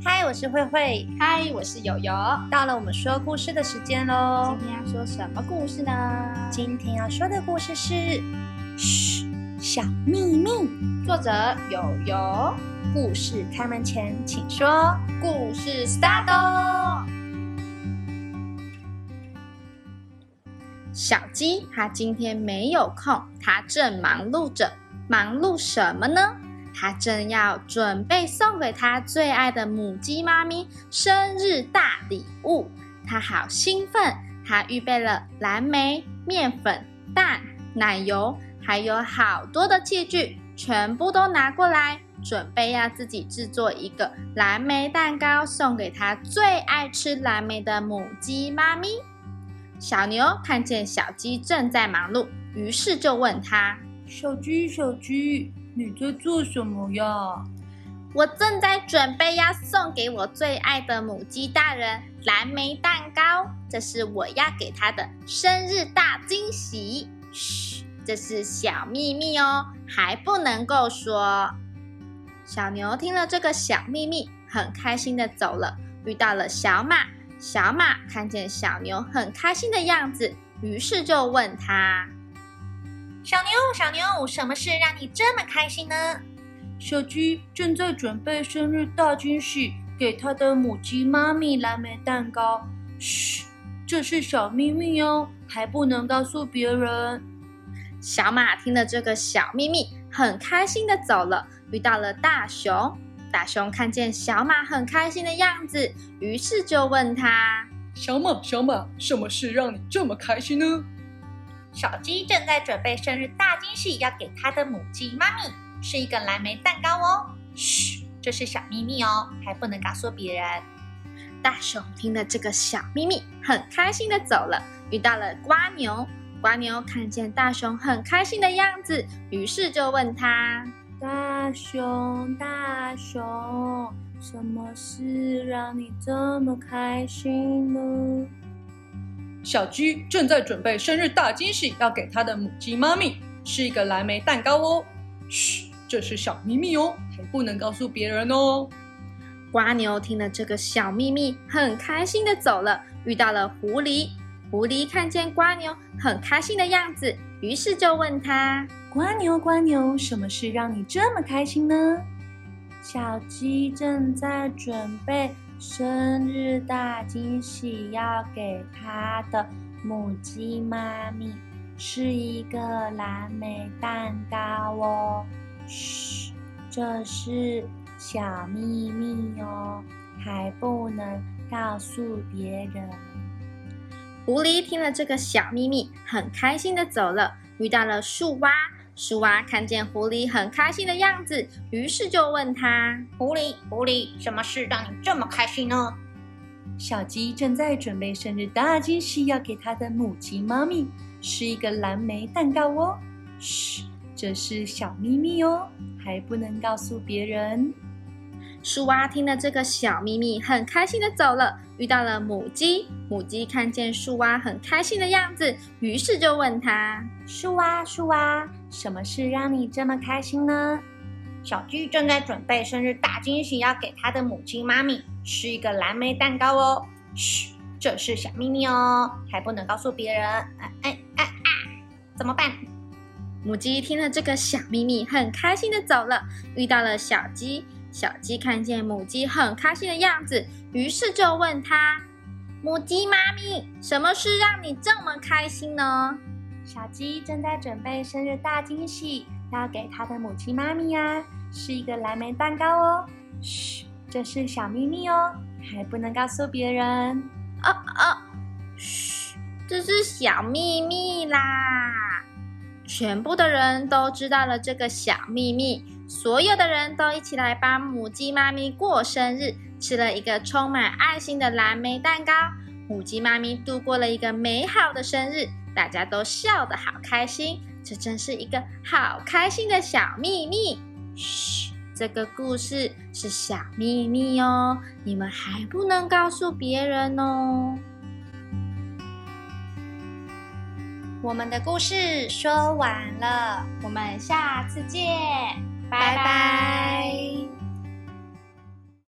嗨，我是慧慧。嗨，我是有油。到了我們說故事的時間嘍。今天要說什麼故事呢？今天要說的故事是，噓，小秘密。作者有油。故事開門前，請說。故事 start、哦。小雞它今天沒有空，它正忙碌着。忙碌什麼呢？他正要準備送給他最愛的母雞媽咪生日大禮物，他好興奮。他預備了藍莓、麵粉、蛋、奶油，還有好多的器具，全部都拿過來，準備要自己製作一個藍莓蛋糕，送給他最愛吃藍莓的母雞媽咪。小牛看見小雞正在忙碌，於是就問他：“小雞，小雞。”你在做什麼呀？我正在準備要送給我最愛的母雞大人藍莓蛋糕，這是我要給他的生日大驚喜。噓，這是小秘密哦，還不能夠說。小牛聽了這個小秘密，很開心的走了，遇到了小馬，小馬看見小牛很開心的樣子，於是就問他。小牛，小牛，什麼事讓你這麼開心呢？小雞正在準備生日大驚喜，給他的母雞媽咪藍莓蛋糕。噓，這是小秘密哦，還不能告訴別人。小馬聽了這個小秘密，很開心的走了，遇到了大熊。大熊看見小馬很開心的樣子，於是就問他：小馬，小馬，什麼事讓你這麼開心呢？小雞正在準備生日大驚喜，要給它的母雞媽咪吃一個藍莓蛋糕哦。噓，這、就是小秘密哦，還不能告訴別人。大熊聽了這個小秘密，很開心地走了。遇到了蝸牛，蝸牛看見大熊很開心的樣子，於是就問他：大熊，大熊，什麼事讓你這麼開心呢？小雞正在準備生日大驚喜，要給它的母雞媽咪吃一個藍莓蛋糕哦。噓，這是小秘密哦，還不能告訴別人哦。蝸牛聽了這個小秘密，很開心的走了。遇到了狐狸，狐狸看見蝸牛很開心的樣子，於是就問他：“蝸牛，蝸牛，什麼事讓你這麼開心呢？”小雞正在準備。生日大驚喜，要給他的母雞媽咪，是一個藍莓蛋糕哦。噓，這是小秘密哦，還不能告訴別人。狐狸聽了這個小秘密，很開心的走了，遇到了樹蛙。樹蛙看見狐狸很開心的樣子，於是就問他：“狐狸，狐狸，什麼事讓你這麼開心呢？”小雞正在準備生日大驚喜，要給它的母雞媽咪吃一個藍莓蛋糕哦。噓，這是小秘密哦，還不能告訴別人。樹蛙聽了這個小秘密，很開心的走了。遇到了母雞，母雞看見樹蛙很開心的樣子，於是就問他：“樹蛙，樹蛙，什麼事讓你這麼開心呢？”小雞正在準備生日大驚喜，要給他的母親媽咪吃一個藍莓蛋糕哦。噓，這是小秘密哦，還不能告訴別人。哎哎哎啊！怎麼辦？母雞聽了這個小秘密，很開心的走了。遇到了小雞。小雞看見母雞很開心的樣子，於是就問它：“母雞媽咪，什麼事讓你這麼開心呢？”小雞正在準備生日大驚喜，要給它的母雞媽咪呀、啊，是一個藍莓蛋糕哦。噓，這是小秘密哦，還不能告訴別人。哦、啊、哦，噓、啊，這是小秘密啦。全部的人都知道了這個小秘密。所有的人都一起來幫母雞媽咪過生日，吃了一個充滿愛心的藍莓蛋糕。母雞媽咪度過了一個美好的生日，大家都笑得好開心。這真是一個好開心的小秘密。噓，這個故事是小秘密哦，你們還不能告訴別人哦。我們的故事說完了，我們下次見。拜拜。